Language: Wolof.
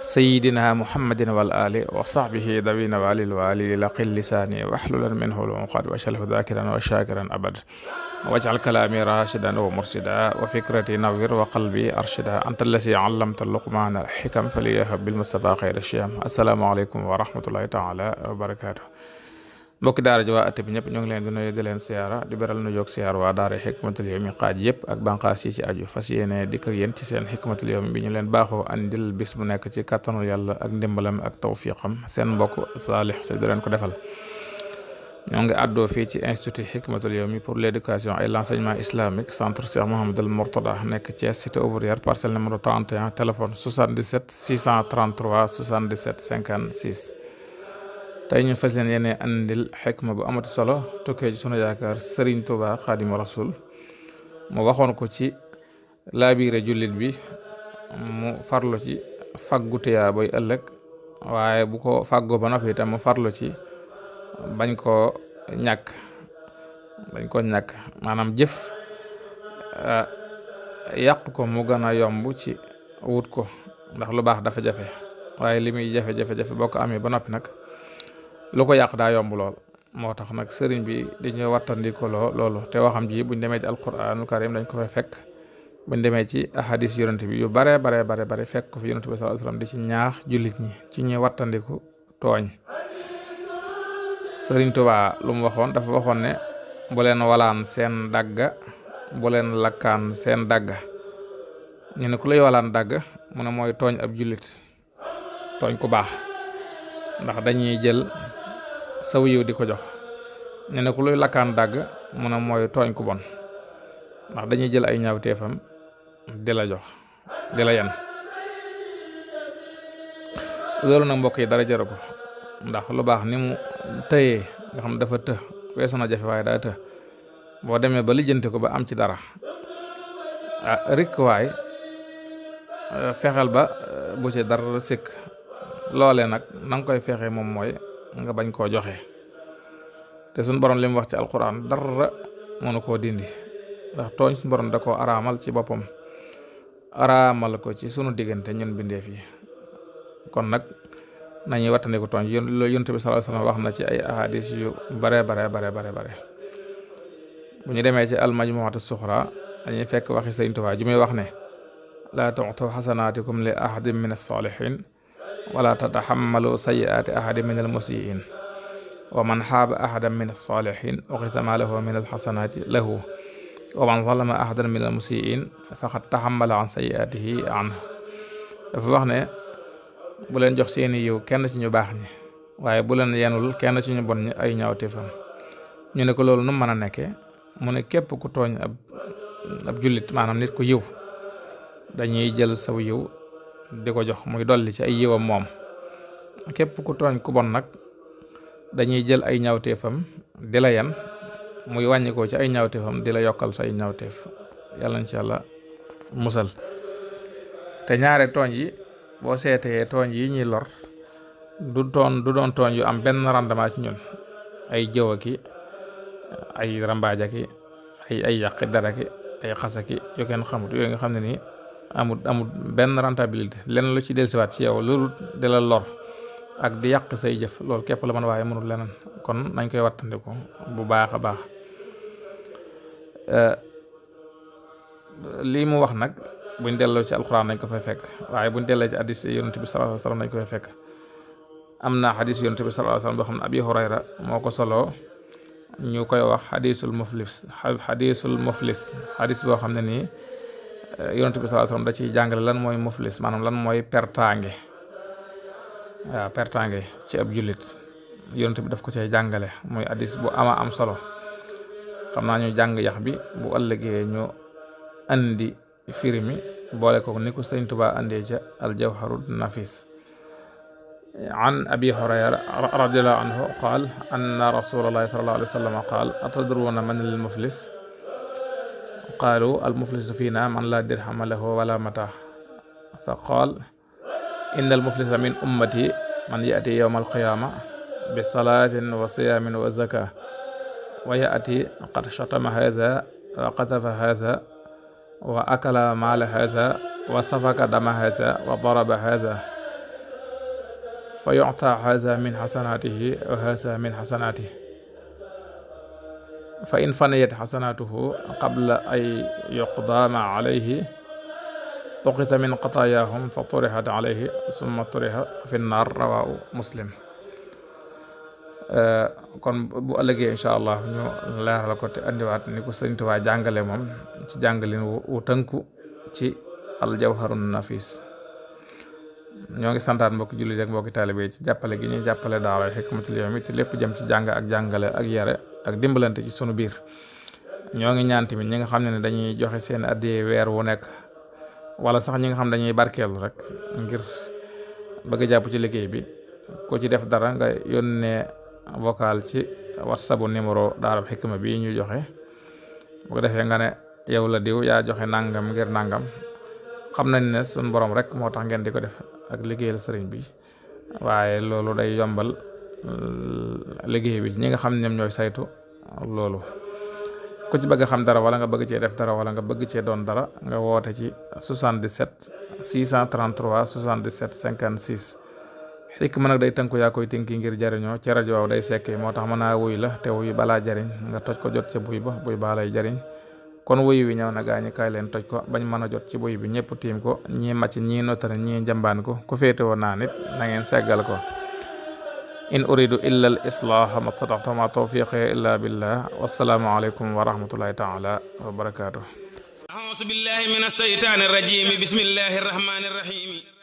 sayidina muhammadin wal ali wa sahbihi dawina walil wali laqil lisaani waxlulan minhu lumuqad wacalhu dakiran wa shakiran abad wajcal kalaami rashidan wa mursida wa fikrati nawir wa qalbi arshida anta allasi allamta luqmaana alxikam faliyahab bilmustafa xayra shiyam assalaamu aleykum wa rahmatullahi taala wa barakatuh mbokki daara ji waa atte bi ñëpp ñoo ngi leen di nuyu di leen siyaara di beral nu yoog siyaar waa daara xikmatul yawmi xaaj yëpp ak banqaas ci aju fas yéene dikk ak ci seen xikmatul yawmi bi ñu leen baaxoo andil bis bu nekk ci kàttanul yàlla ak ndimbalam ak tawfiqam seen mbokk saalix si leen ko defal ñoo ngi àddoo fii ci institut xikmatul yawmi pour l'éducation et l'enseignement islamique centre Cheikh Mouhamadoul Mourtada nekk Thiès cité ouvrière parcelle tey ñu fas leen yéene andil ma bu amati solo tukkee sunu yaakaar Serigne Touba Xaadimu Rasul mu waxoon ko ci laabiire jullit bi mu farlu ci faggu booy ëllëg waaye bu ko faggoo ba noppi itam mu farlu ci bañ koo ñàkk bañ koo ñàkk maanaam jëf eh, yàq ko mu gën a yomb ci wut ko ndax lu baax dafa jafe waaye li jafe-jafe-jafe boo ko amee ba noppi nag lu ko yàq daa yomb lool moo tax nag sëriñ bi di dañuy wattandiku loolu te waxam ji buñ demee ci alquraanul karim dañ ko fay fekk buñ demee ci ahadis yonent bi yu bare bare bare bare fekk ko fi yonent bi sallallahu alayhi wasallam di ci ñaax jullit ñi ci ñuy wattandiku tooñ sëriñ Tuubaa lu mu waxoon dafa waxoon ne bu leen walaan seen dagga bu leen lakkaan seen dagga ñu ne ku lay walaan dagg mu ne mooy tooñ ab jullit tooñ ku baax ndax dañuy jël saw yiw di ko jox ne na ku luy lakkaan dàgg mu ne mooy tooñ ku bon ndax dañuy jël ay ñaaw teefam di la jox di la yan loolu nag mbokk yi dara jaru ko ndax lu baax ni mu tëyee nga xam dafa të weesu na jafe waaye daa të boo demee ba lijjanti ko ba am ci dara ah waay fexeel ba bu ci dara sëkk loole nag na koy fexe moom mooy nga bañ koo joxe te suñ borom li wax ci alquran dara mënu koo dindi ndax tooñ suñ borom da koo araamal ci boppam araamal ko ci sunu diggante ñun bindeef yi kon nag nañuy wattandiku tooñ loolu yonent bi sallallahu alayhi wasallam wax na ci ay ahadis yu bare bare bare bare bu ñu demee ci almajmuatu suxra dañuy fekk waxi Sëriñ Tuubaa ju muy wax ne laa tu'tu xasanaatikum li ahadin min as wala tataxammalu sayiaati ahadin min almusiin wa man xaaba ahadan min alsaalihin uxisa ma lahu min alxasanaati lahu wa man zalama ahadan min almusiin faqad taxammala an sayiaatihi an dafa wax ne bu leen jox seeni kenn ci ñu bu leen yenul kenn ci ñu bon ñi ay ñaawteefam ñu ne ko loolu nu mën a nekkee mu ne képp ku tooñ ab jullit maanaam nit ku yiw dañuy jël saw yiw di ko jox muy dolli ci ay yiwam moom képp ku tooñ ku bon nag dañuy jël ay ñawteefam di la yan muy wàññi ci ay ñawteefam di la yokkal sa ay ñawteef yàlla insha musal te ñaare tooñ yi boo seetee tooñ yi ñuy lor du doon du doon tooñ yu am benn rendement ci ñun ay jëw aki ay rambaaj aki ay ay yàqi dara ki ay xasaki yu kenn xamut yooyu nga xam ne nii amut amut benn rentabilité lenn lu ci dellusiwaat ci yow lu delal la lor ak di yàq say jëf loolu képp la mën waaye mënul leneen kon nañ koy wattandiku bu baax a baax eh, lii mu wax nag buñ delloo ci alxuraan nañ ko fay fekk waaye buñ delloo ci hadis yonent bi sallallahu alayhi wasallam nañ ko fay fekk bi sallallahu alayhi boo xam ne abi hurayra moo ko soloo ñu koy wax xadisul muflis xadisul muflis boo xam ne nii Eh, yonent bi sallallahu alayhi da ciy jàngale lan mooy muflis maanaam lan mooy pertaange waaw pertaange ci ab jullit yonent bi daf ko cay jàngale mooy addis bu ama am solo xam naa ñu jàng yax bi bu ëllëgee ñu andi firi mi boole ko ni ko sëñ Tuubaa andee ca aljawharul nafis an abi hurayra radiallahu anhu qaal anna rasulallahi sallallahu alayhi wa sallam qaal atadruuna man al muflis qaalu almuflisu fiina man laa dirhama lahu wala mata fa qaal inna almuflisa min ummati man yaati yowma alqiyaama bi salaatin wa siyaamin wa zaka wa yaati qad shatama haada wa qatafa haada wa akala maala haada wa safaka dama haada wa daraba haada fa yucta haada min xasanaatihi wa haada min xasanaatihi fa in faniyat xasanaatuhu qabla ay yuqdaa ma alayhi tuqita min qataayaahum fa turixat alayhi summa turixa fi nnaar rawaahu muslim eh, kon bu ëllëgee incha allah ñu ko te andiwaat ni ko Sëriñ Tuubaa jàngale moom ci jàngalin wu tënku ci aljawharun nafis ñoo ngi santaat mbokki jullit ak mbokki taalibe ci jàppale gi ñuy jàppale daara Hikmatul Yawmi lépp jëm ci jàng ak jàngale ak yare ak dimbalante ci sunu biir ñoo ngi ñaan tamit ñi nga xam ne dañuy joxe seen addiya weer wu nekk wala sax ñi nga xam dañuy barkeel rek ngir bëgg a jàpp ci liggéey bi ko ci def dara nga yónnee vocal ci whatsapp bu numéro daarab xikma bi ñu joxe bu defee nga ne yow la diw yaa joxe nangam ngir nàngam xam nañ ne suñ borom rek moo tax ngeen di ko def ak liggéeyal sëriñ bi waaye loolu day yombal Euh, liggéey bi ñi nga xam ñoom ñooy saytu loolu ku ci bëgg xam dara wala nga bëgg cee def dara wala nga bëgg cee doon dara nga woote ci 77 633 77 56 xikk ma nag day tënku yaa koy tënki ngir jariñoo ci rajo day sekk moo tax mën naa wuy la te wuy balaa jariñ nga toj ko jot ca buy ba buy baa lay jariñ kon wuy wi ñëw na ñu kaay leen toj ko bañ mën a jot ci buy bi ñëpp tiim ko ñii màcc ñii notari ñii njambaan ko ku woon naa nit na ngeen seggal ko in uridu illa al islaaha ma stataxta ma tawfiqi illa billah wassalaamu aleykum wa rahmatullahi taala wa barakatuh auzu billahi min asheytaani rajim bismillahi rahmani rahim